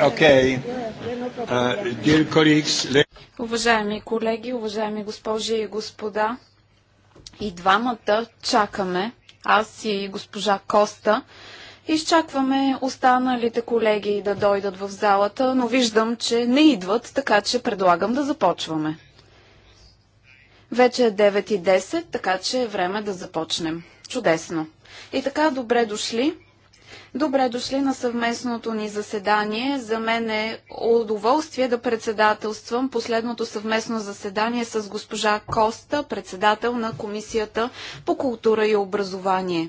Okay. Uh, уважаеми колеги, уважаеми госпожи и господа, и двамата чакаме, аз и госпожа Коста, изчакваме останалите колеги да дойдат в залата, но виждам, че не идват, така че предлагам да започваме. Вече е 9.10, така че е време да започнем. Чудесно. И така, добре дошли Добре дошли на съвместното ни заседание. За мен е удоволствие да председателствам последното съвместно заседание с госпожа Коста, председател на Комисията по култура и образование.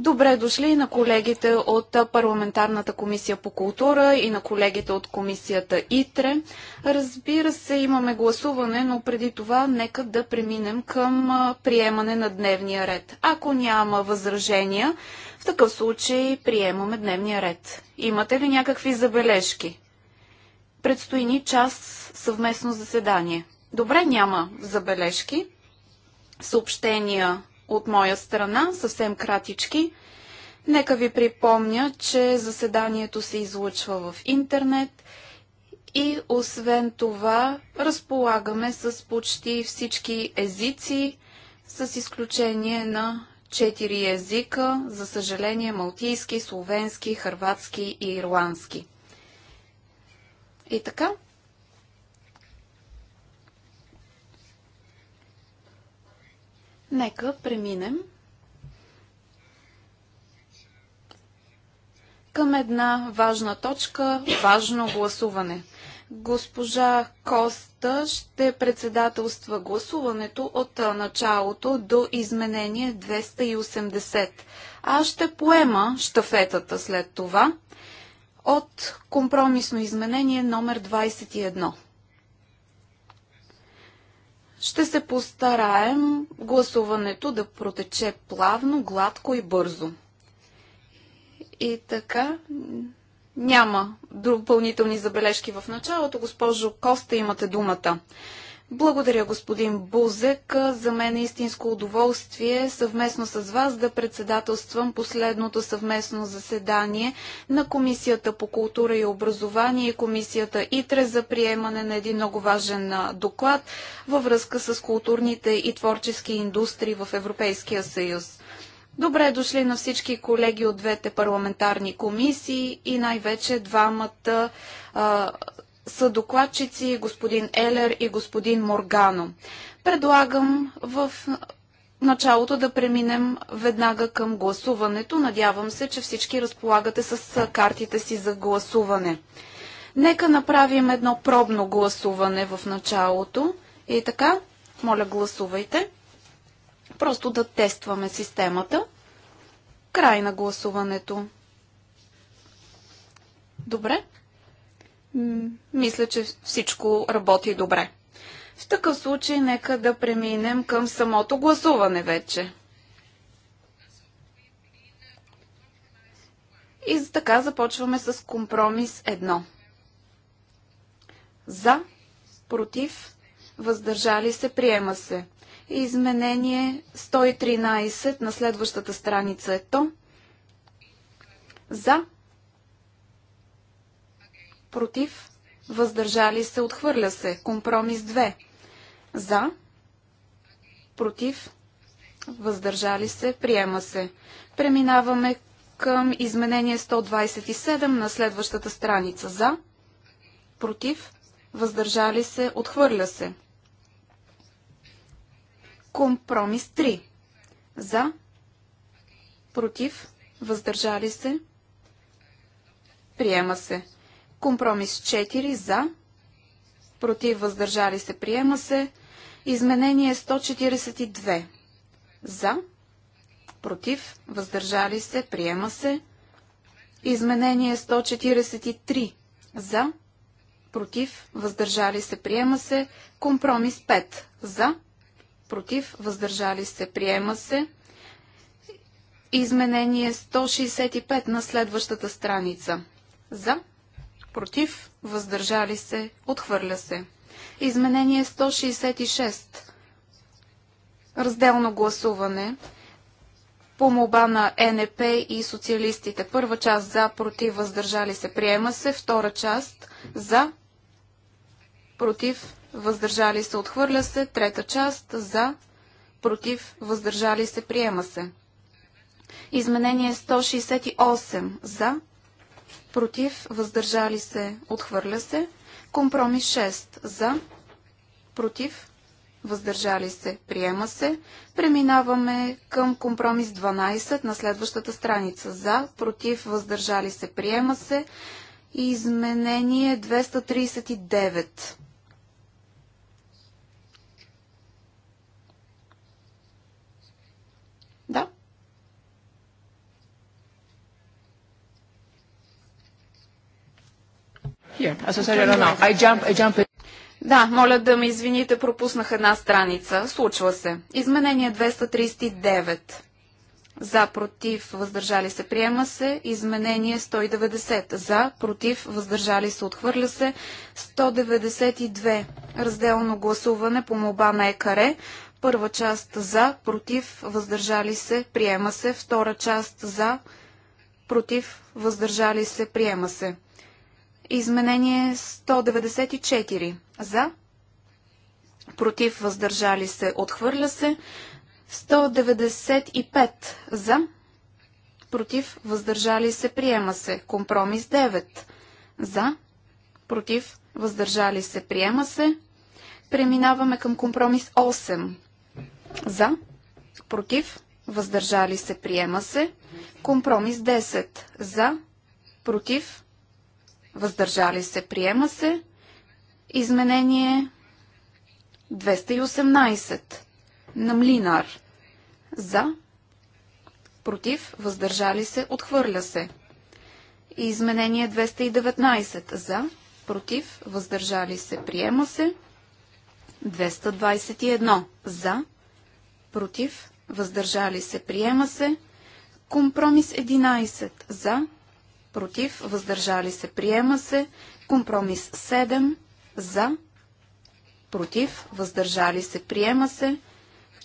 Добре дошли на колегите от Парламентарната комисия по култура и на колегите от комисията ИТРЕ. Разбира се, имаме гласуване, но преди това нека да преминем към приемане на дневния ред. Ако няма възражения, в такъв случай приемаме дневния ред. Имате ли някакви забележки? Предстои ни час съвместно заседание. Добре, няма забележки. Съобщения от моя страна, съвсем кратички. Нека ви припомня, че заседанието се излъчва в интернет и освен това разполагаме с почти всички езици, с изключение на четири езика, за съжаление малтийски, словенски, хърватски и ирландски. И така, Нека преминем към една важна точка, важно гласуване. Госпожа Коста ще председателства гласуването от началото до изменение 280. Аз ще поема штафетата след това от компромисно изменение номер 21. Ще се постараем гласуването да протече плавно, гладко и бързо. И така, няма допълнителни забележки в началото. Госпожо Коста, имате думата. Благодаря, господин Бузек. За мен е истинско удоволствие съвместно с вас да председателствам последното съвместно заседание на Комисията по култура и образование и Комисията ИТРЕ за приемане на един много важен доклад във връзка с културните и творчески индустрии в Европейския съюз. Добре дошли на всички колеги от двете парламентарни комисии и най-вече двамата а, са докладчици господин Елер и господин Моргано. Предлагам в началото да преминем веднага към гласуването. Надявам се, че всички разполагате с картите си за гласуване. Нека направим едно пробно гласуване в началото. И така, моля гласувайте. Просто да тестваме системата. Край на гласуването. Добре, мисля, че всичко работи добре. В такъв случай, нека да преминем към самото гласуване вече. И за така започваме с компромис 1. За, против, въздържали се, приема се. Изменение 113 на следващата страница е то. За, против, въздържали се, отхвърля се. Компромис 2 за, против, въздържали се, приема се. Преминаваме към изменение 127 на следващата страница. За, против, въздържали се, отхвърля се. Компромис 3. За, против, въздържали се, приема се. Компромис 4 за, против въздържали се, приема се. Изменение 142 за, против въздържали се, приема се. Изменение 143 за, против въздържали се, приема се. Компромис 5 за, против въздържали се, приема се. Изменение 165 на следващата страница. За, против, въздържали се, отхвърля се. Изменение 166. Разделно гласуване по моба на НП и социалистите. Първа част за, против, въздържали се, приема се. Втора част за, против, въздържали се, отхвърля се. Трета част за, против, въздържали се, приема се. Изменение 168 за, против, въздържали се, отхвърля се. Компромис 6 за, против, въздържали се, приема се. Преминаваме към компромис 12 на следващата страница. За, против, въздържали се, приема се. Изменение 239. Да. Да, моля да ме извините, пропуснах една страница. Случва се. Изменение 239. За, против, въздържали се, приема се. Изменение 190. За, против, въздържали се, отхвърля се. 192. Разделно гласуване по молба на ЕКАРЕ. Първа част за, против, въздържали се, приема се. Втора част за, против, въздържали се, приема се. Изменение 194. За. Против. Въздържали се. Отхвърля се. 195. За. Против. Въздържали се. Приема се. Компромис 9. За. Против. Въздържали се. Приема се. Преминаваме към компромис 8. За. Против. Въздържали се. Приема се. Компромис 10. За. Против въздържали се, приема се. Изменение 218 на Млинар. За, против, въздържали се, отхвърля се. Изменение 219 за, против, въздържали се, приема се. 221 за, против, въздържали се, приема се. Компромис 11 за, против, въздържали се, приема се. Компромис 7 за, против, въздържали се, приема се.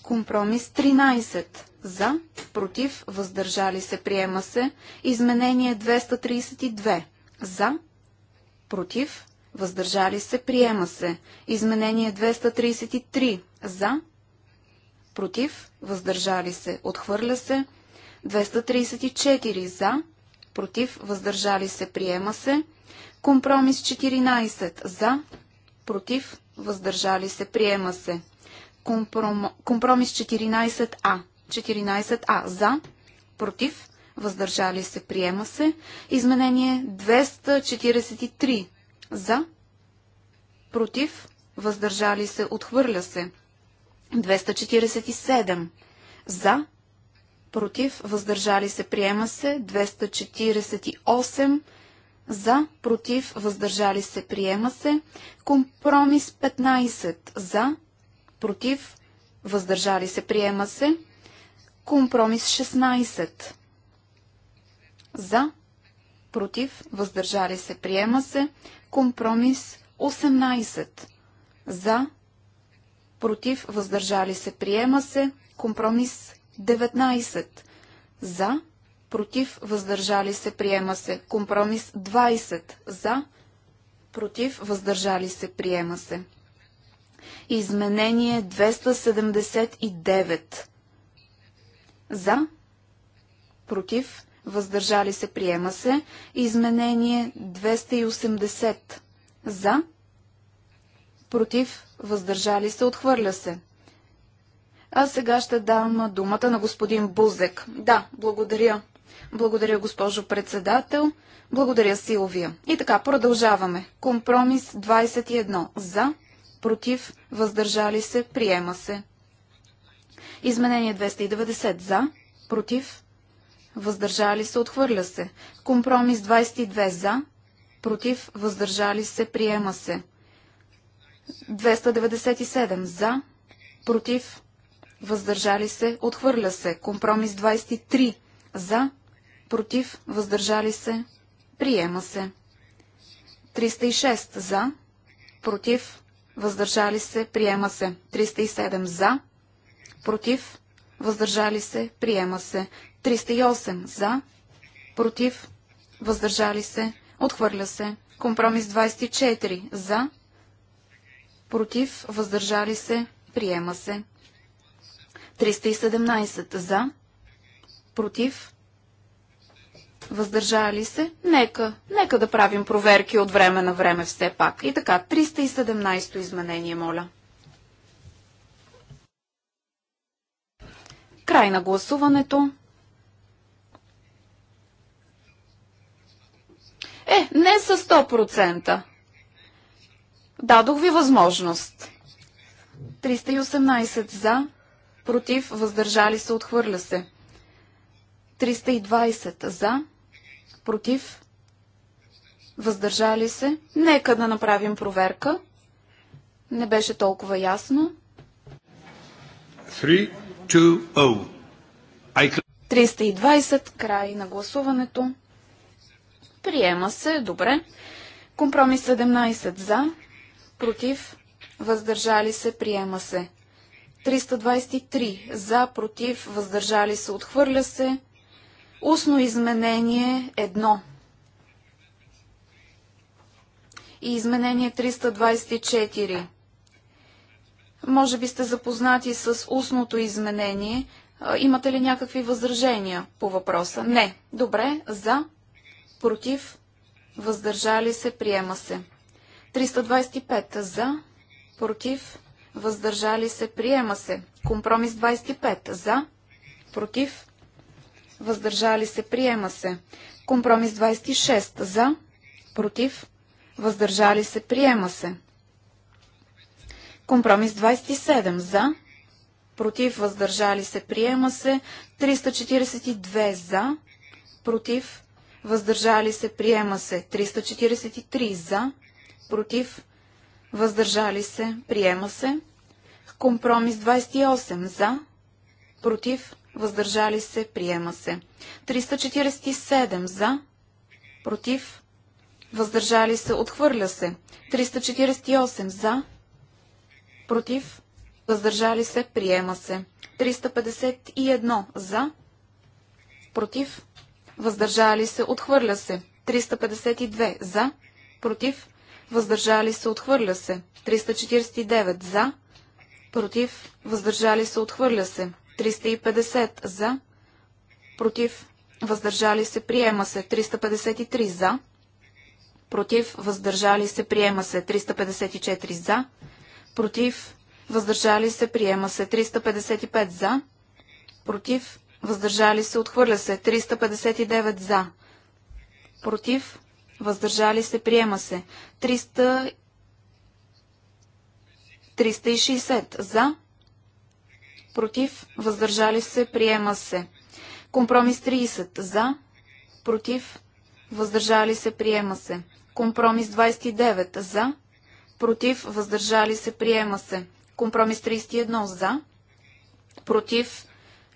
Компромис 13 за, против, въздържали се, приема се. Изменение 232 за, против, въздържали се, приема се. Изменение 233 за, против, въздържали се, отхвърля се. 234 за, против, въздържали се, приема се. Компромис 14 за, против, въздържали се, приема се. Компром... Компромис 14а. 14а за, против, въздържали се, приема се. Изменение 243 за, против, въздържали се, отхвърля се. 247 за, против, въздържали се, приема се. 248 за, против, въздържали се, приема се. Компромис 15 за, против, въздържали се, приема се. Компромис 16 за, против, въздържали се, приема се. Компромис 18 за, против, въздържали се, приема се. Компромис 19. За, против, въздържали се, приема се. Компромис 20. За, против, въздържали се, приема се. Изменение 279. За, против, въздържали се, приема се. Изменение 280. За, против, въздържали се, отхвърля се. А сега ще дам думата на господин Бузек. Да, благодаря. Благодаря, госпожо председател. Благодаря, Силвия. И така, продължаваме. Компромис 21. За, против, въздържали се, приема се. Изменение 290. За, против, въздържали се, отхвърля се. Компромис 22. За, против, въздържали се, приема се. 297. За, против, въздържали се, отхвърля се. Компромис 23 за, против, въздържали се, приема се. 306 за, против, въздържали се, приема се. 307 за, против, въздържали се, приема се. 308 за, против, въздържали се, отхвърля се. Компромис 24 за, против, въздържали се, приема се. 317 за, против, въздържали се. Нека, нека да правим проверки от време на време все пак. И така, 317 изменение, моля. Край на гласуването. Е, не с 100%. Дадох ви възможност. 318 за, против, въздържали се, отхвърля се. 320 за, против, въздържали се. Нека да направим проверка. Не беше толкова ясно. 320. край на гласуването. Приема се, добре. Компромис 17 за, против, въздържали се, приема се. 323 за, против, въздържали се, отхвърля се. Устно изменение 1. И изменение 324. Може би сте запознати с устното изменение. Имате ли някакви възражения по въпроса? Не. Добре. За. Против. Въздържали се. Приема се. 325. За. Против въздържали се, приема се. Компромис 25 за, против, въздържали се, приема се. Компромис 26 за, против, въздържали се, приема се. Компромис 27 за, против, въздържали се, приема се. 342 за, против, въздържали се, приема се. 343 за, против, въздържали се, приема се. Компромис 28 за, против, въздържали се, приема се. 347 за, против, въздържали се, отхвърля се. 348 за, против, въздържали се, приема се. 351 за, против, въздържали се, отхвърля се. 352 за, против, въздържали се, отхвърля се. 349 за, против, въздържали се, отхвърля се. 350 за, против, въздържали се, приема се. 353 за, против, въздържали се, приема се. 354 за, против, въздържали се, приема се. 355 за, против, въздържали се, отхвърля се. 359 за, против, въздържали се, приема се. 300... 360 за, против, въздържали се, приема се. Компромис 30 за, против, въздържали се, приема се. Компромис 29 за, против, въздържали се, приема се. Компромис 31 за, против,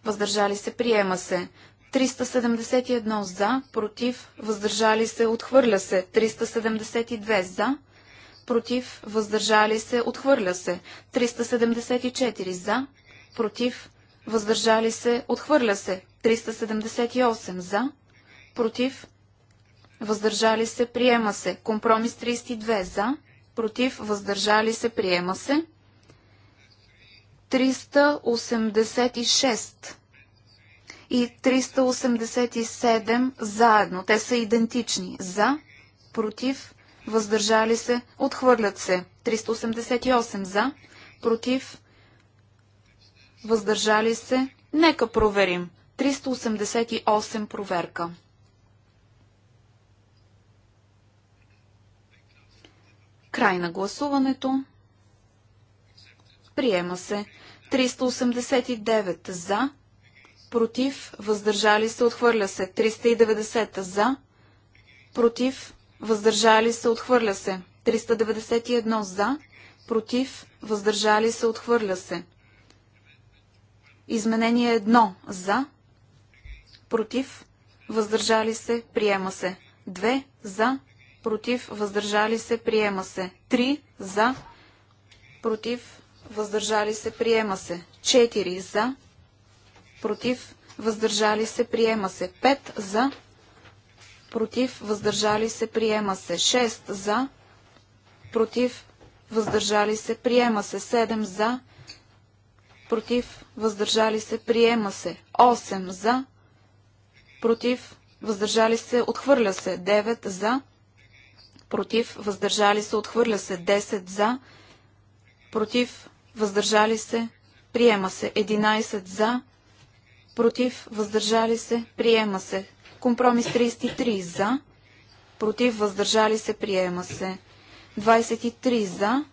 въздържали се, приема се. 371 за, против, въздържали се, отхвърля се. 372 за, против, въздържали се, отхвърля се. 374 за, против, въздържали се, отхвърля се. 378 за, против, въздържали се, приема се. Компромис 32 за, против, въздържали се, приема се. 386 и 387 заедно. Те са идентични. За, против, въздържали се, отхвърлят се. 388 за, против, въздържали се. Нека проверим. 388 проверка. Край на гласуването. Приема се. 389 за, против, въздържали се, отхвърля се. 390 за, против, въздържали се, отхвърля се. 391 за, против, въздържали се, отхвърля се. Изменение 1 за, против, въздържали се, приема се. 2 за, против, въздържали се, приема се. 3 за, против, въздържали се, приема се. 4 за, против, въздържали се, приема се. 5 за, против, въздържали се, приема се. 6 за, против, въздържали се, приема се. 7 за, против, въздържали се, приема се. 8 за, против, въздържали се, отхвърля се. 9 за, против, въздържали се, отхвърля се. 10 за, против, въздържали се, приема се. 11 за, против, против, въздържали се, приема се. Компромис 33 за, против, въздържали се, приема се. 23 за,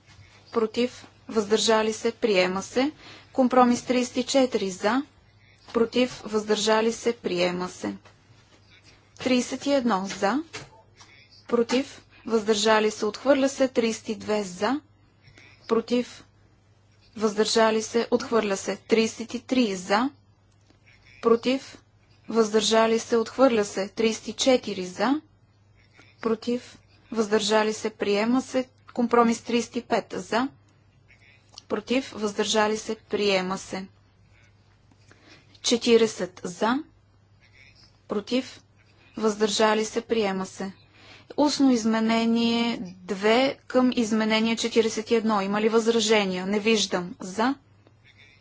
против, въздържали се, приема се. Компромис 34 за, против, въздържали се, приема се. 31 за, против, въздържали се, отхвърля се, 32 за, против, въздържали се, отхвърля се, 33 за, против, въздържали се, отхвърля се. 34 за, против, въздържали се, приема се. Компромис 35 за, против, въздържали се, приема се. 40 за, против, въздържали се, приема се. Устно изменение 2 към изменение 41. Има ли възражения? Не виждам. За,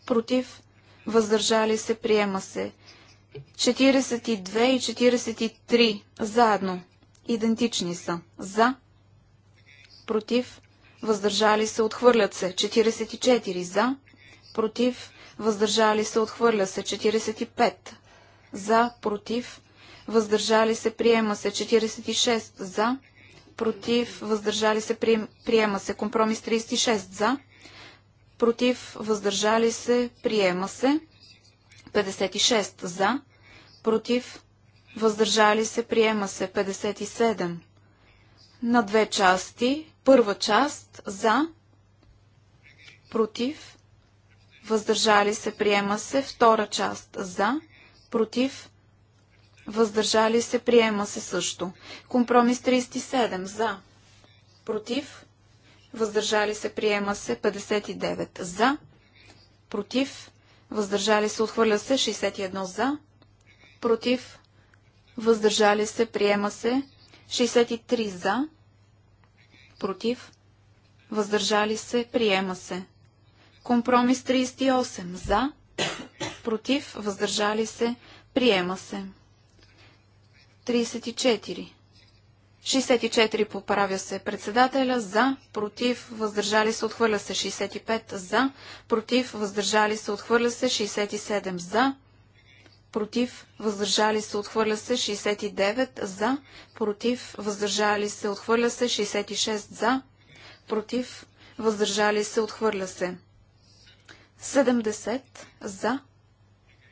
против, въздържали се, приема се. 42 и 43 заедно, идентични са. За, против, въздържали се, отхвърлят се. 44 за, против, въздържали се, отхвърля се. 45 за, против, въздържали се, приема се. 46 за, против, въздържали се, приема се. Компромис 36 за, против, въздържали се, приема се. 56 за, против, въздържали се, приема се. 57 на две части. Първа част за, против, въздържали се, приема се. Втора част за, против, въздържали се, приема се също. Компромис 37 за, против, въздържали се, приема се 59 за, против, въздържали се, отхвърля се 61 за, против, въздържали се, приема се 63 за, против, въздържали се, приема се. Компромис 38 за, против, въздържали се, приема се. 34 64 поправя се председателя за, против, въздържали се, отхвърля се 65 за, против, въздържали се, отхвърля се 67 за, против, въздържали се, отхвърля се 69 за, против, въздържали се, отхвърля се 66 за, против, въздържали се, отхвърля се 70 за,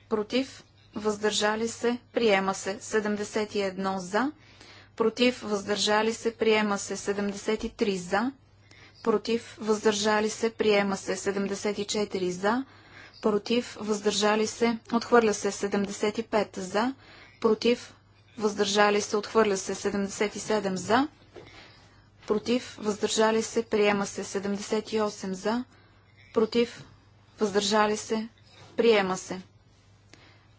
против, въздържали се, приема се 71 за, против, въздържали се, приема се 73 за, против, въздържали се, приема се 74 за, против, въздържали се, отхвърля се 75 за, против, въздържали се, отхвърля се 77 за, против, въздържали се, приема се 78 за, против, въздържали се, приема се.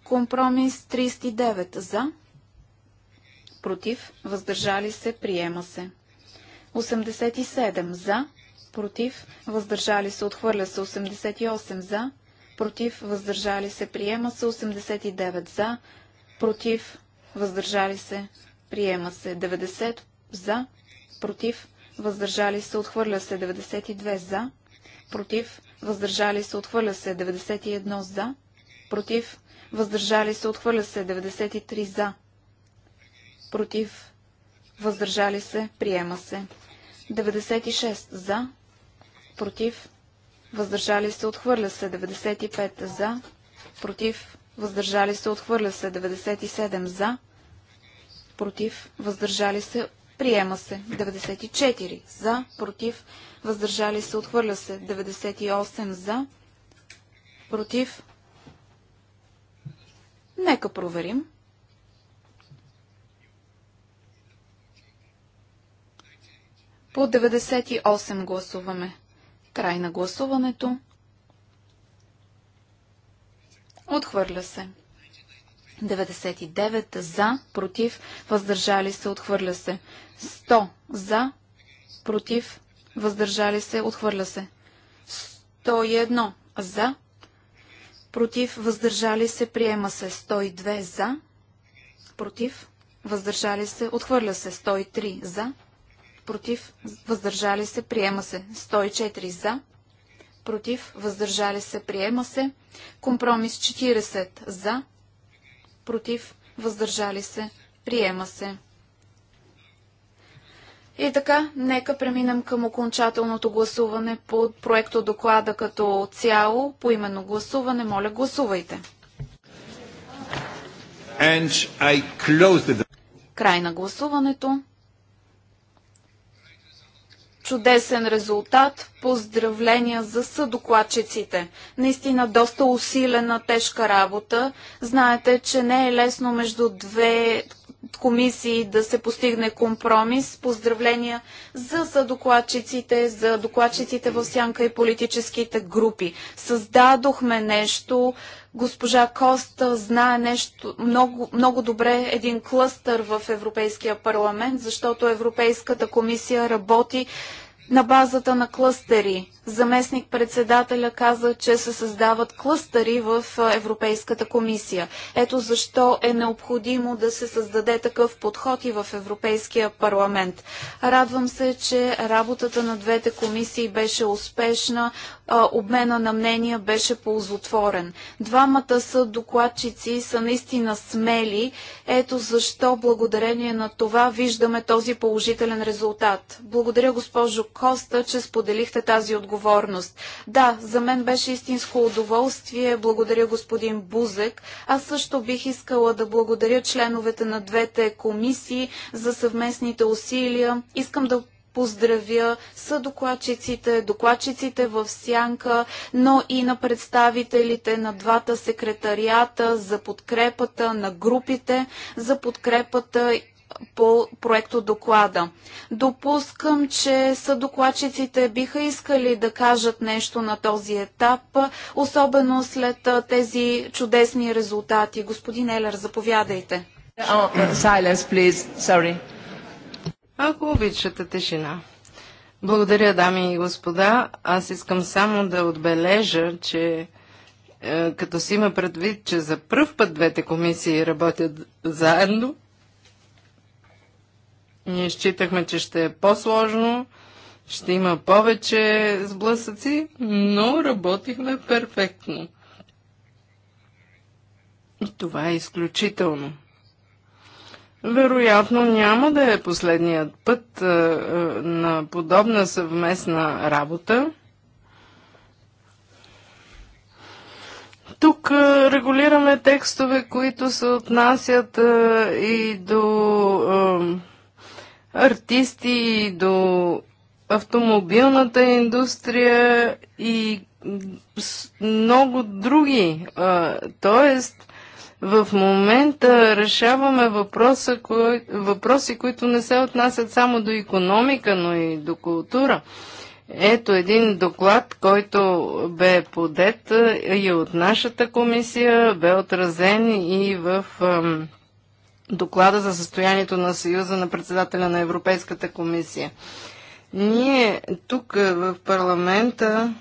Компромис 39 за, против, въздържали се, приема се. 87 за, против, въздържали се, отхвърля се 88 за, против, въздържали се, приема се 89 за, против, въздържали се, приема се 90 за, против, въздържали се, отхвърля се 92 за, против, въздържали се, отхвърля се 91 за, против, въздържали се, отхвърля се 93 за, против, въздържали се, приема се. 96 за, против, въздържали се, отхвърля се. 95 за, против, въздържали се, отхвърля се. 97 за, против, въздържали се, приема се. 94 за, против, въздържали се, отхвърля се. 98 за, против. Нека проверим. По 98 гласуваме. Край на гласуването. Отхвърля се. 99 за, против, въздържали се, отхвърля се. 100 за, против, въздържали се, отхвърля се. 101 за, против, въздържали се, приема се. 102 за, против, въздържали се, отхвърля се. 103 за, против, въздържали се, приема се. 104 за, против, въздържали се, приема се. Компромис 40 за, против, въздържали се, приема се. И така, нека преминем към окончателното гласуване по проекто доклада като цяло. По именно гласуване, моля, гласувайте. Край на гласуването чудесен резултат. Поздравления за съдокладчиците. Наистина доста усилена, тежка работа. Знаете, че не е лесно между две комисии да се постигне компромис. Поздравления за съдокладчиците, за докладчиците в сянка и политическите групи. Създадохме нещо. Госпожа Коста знае нещо много, много добре един клъстър в Европейския парламент, защото Европейската комисия работи на базата на клъстери. Заместник председателя каза, че се създават клъстери в Европейската комисия. Ето защо е необходимо да се създаде такъв подход и в Европейския парламент. Радвам се, че работата на двете комисии беше успешна, обмена на мнения беше ползотворен. Двамата са докладчици са наистина смели. Ето защо благодарение на това виждаме този положителен резултат. Благодаря госпожо Коста, че споделихте тази отговорност. Да, за мен беше истинско удоволствие. Благодаря господин Бузек. Аз също бих искала да благодаря членовете на двете комисии за съвместните усилия. Искам да поздравя съдокладчиците, докладчиците в Сянка, но и на представителите на двата секретарията за подкрепата на групите, за подкрепата по проекто доклада. Допускам, че съдокладчиците биха искали да кажат нещо на този етап, особено след тези чудесни резултати. Господин Елер, заповядайте. Ако обичате тишина. Благодаря, дами и господа. Аз искам само да отбележа, че е, като си има предвид, че за първ път двете комисии работят заедно, ние считахме, че ще е по-сложно, ще има повече сблъсъци, но работихме перфектно. И това е изключително. Вероятно няма да е последният път е, е, на подобна съвместна работа. Тук е, регулираме текстове, които се отнасят и до артисти, до автомобилната индустрия и много други. тоест, в момента решаваме въпроса, кой, въпроси, които не се отнасят само до економика, но и до култура. Ето един доклад, който бе подет и от нашата комисия, бе отразен и в доклада за състоянието на Съюза на председателя на Европейската комисия. Ние тук в парламента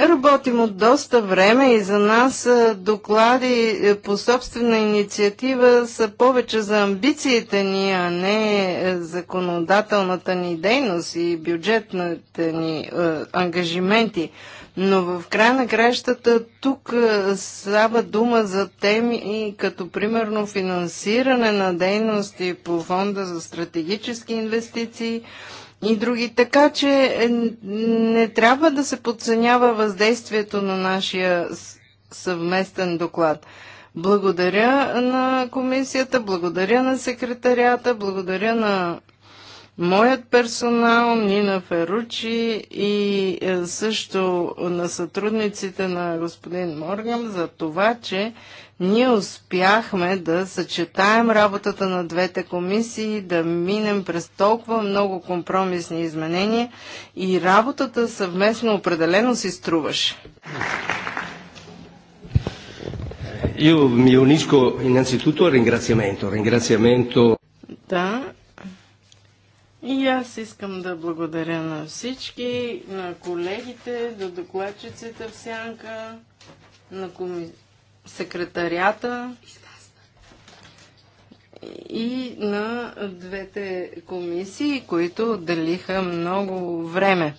Работим от доста време и за нас доклади е, по собствена инициатива са повече за амбициите ни, а не е, законодателната ни дейност и бюджетните ни е, ангажименти. Но в край на кращата тук става дума за теми като примерно финансиране на дейности по фонда за стратегически инвестиции – и други. Така че е, не трябва да се подценява въздействието на нашия съвместен доклад. Благодаря на комисията, благодаря на секретарията, благодаря на моят персонал, Нина Феручи и е, също на сътрудниците на господин Морган за това, че ние успяхме да съчетаем работата на двете комисии, да минем през толкова много компромисни изменения и работата съвместно определено си струваше. Io mi unisco innanzitutto al ringraziamento, ringraziamento. Da. И аз искам да благодаря на всички, на колегите, до докладчиците в Сянка, на коми... секретарията и на двете комисии, които отделиха много време.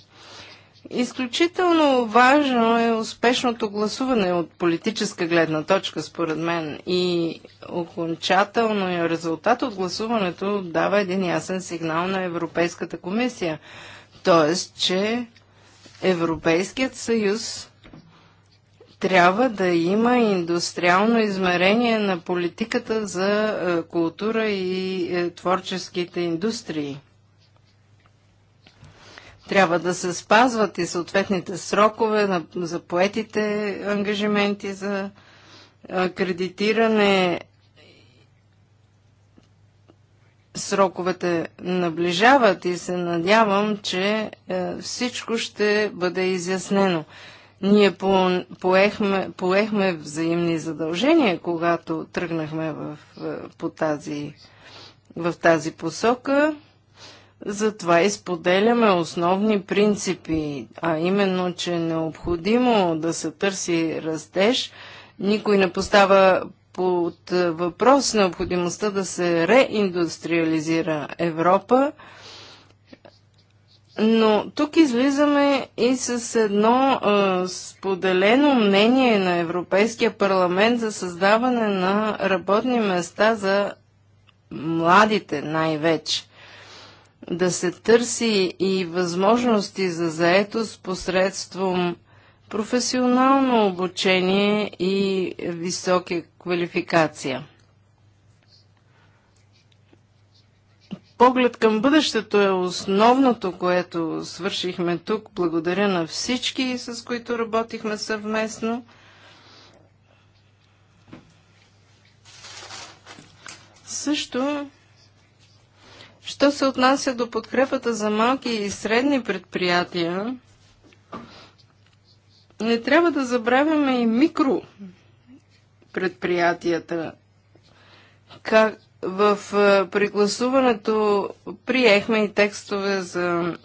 Изключително важно е успешното гласуване от политическа гледна точка, според мен. И окончателно резултат от гласуването дава един ясен сигнал на Европейската комисия. Тоест, че Европейският съюз трябва да има индустриално измерение на политиката за е, култура и е, творческите индустрии. Трябва да се спазват и съответните срокове на, за поетите ангажименти за кредитиране. Сроковете наближават и се надявам, че всичко ще бъде изяснено. Ние поехме, поехме взаимни задължения, когато тръгнахме в, по тази, в тази посока. Затова изподеляме основни принципи, а именно, че е необходимо да се търси растеж. Никой не поставя под въпрос необходимостта да се реиндустриализира Европа. Но тук излизаме и с едно а, споделено мнение на Европейския парламент за създаване на работни места за младите най-вече да се търси и възможности за заетост посредством професионално обучение и висока квалификация. Поглед към бъдещето е основното, което свършихме тук. Благодаря на всички, с които работихме съвместно. Също Що се отнася до подкрепата за малки и средни предприятия, не трябва да забравяме и микро предприятията. Как в е, пригласуването приехме и текстове за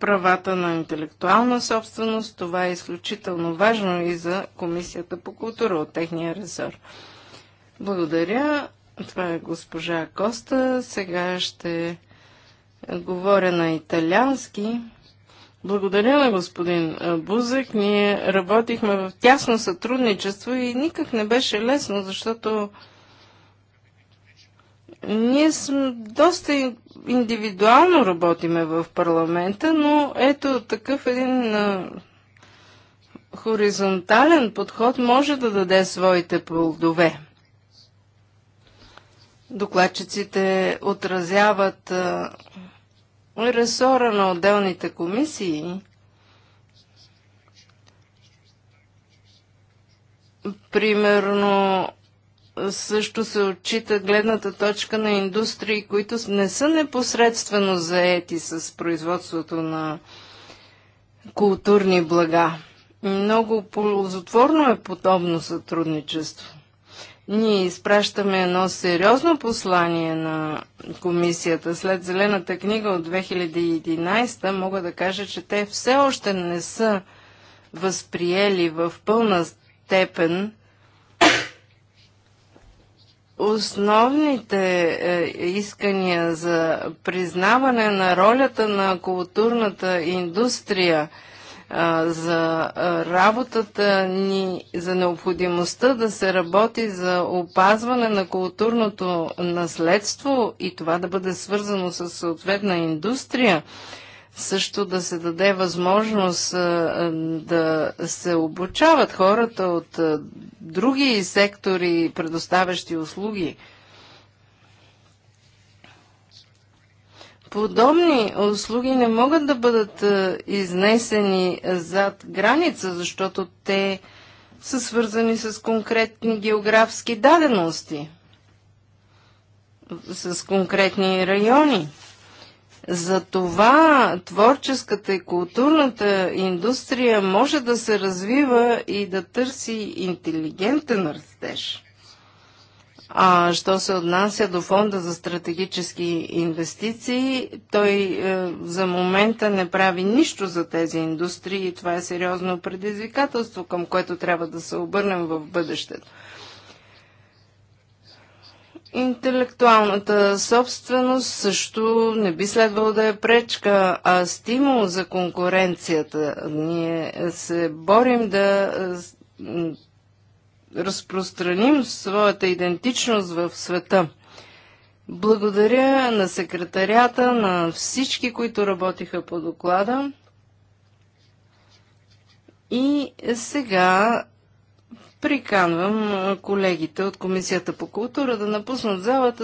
правата на интелектуална собственост. Това е изключително важно и за Комисията по култура от техния ресор. Благодаря. Това е госпожа Коста. Сега ще говоря на италиански. Благодаря на господин Бузък. Ние работихме в тясно сътрудничество и никак не беше лесно, защото ние сме доста индивидуално работиме в парламента, но ето такъв един хоризонтален подход може да даде своите плодове докладчиците отразяват ресора на отделните комисии. Примерно също се отчита гледната точка на индустрии, които не са непосредствено заети с производството на културни блага. Много ползотворно е подобно сътрудничество. Ние изпращаме едно сериозно послание на комисията. След Зелената книга от 2011 мога да кажа, че те все още не са възприели в пълна степен основните е, искания за признаване на ролята на културната индустрия – за работата ни, за необходимостта да се работи за опазване на културното наследство и това да бъде свързано с съответна индустрия, също да се даде възможност да се обучават хората от други сектори, предоставящи услуги – подобни услуги не могат да бъдат е, изнесени е, зад граница, защото те са свързани с конкретни географски дадености, с конкретни райони. Затова творческата и културната индустрия може да се развива и да търси интелигентен растеж. А що се отнася до фонда за стратегически инвестиции, той е, за момента не прави нищо за тези индустрии и това е сериозно предизвикателство, към което трябва да се обърнем в бъдещето. Интелектуалната собственост също не би следвало да е пречка, а стимул за конкуренцията. Ние се борим да е, разпространим своята идентичност в света. Благодаря на секретарята, на всички, които работиха по доклада. И сега приканвам колегите от Комисията по култура да напуснат залата,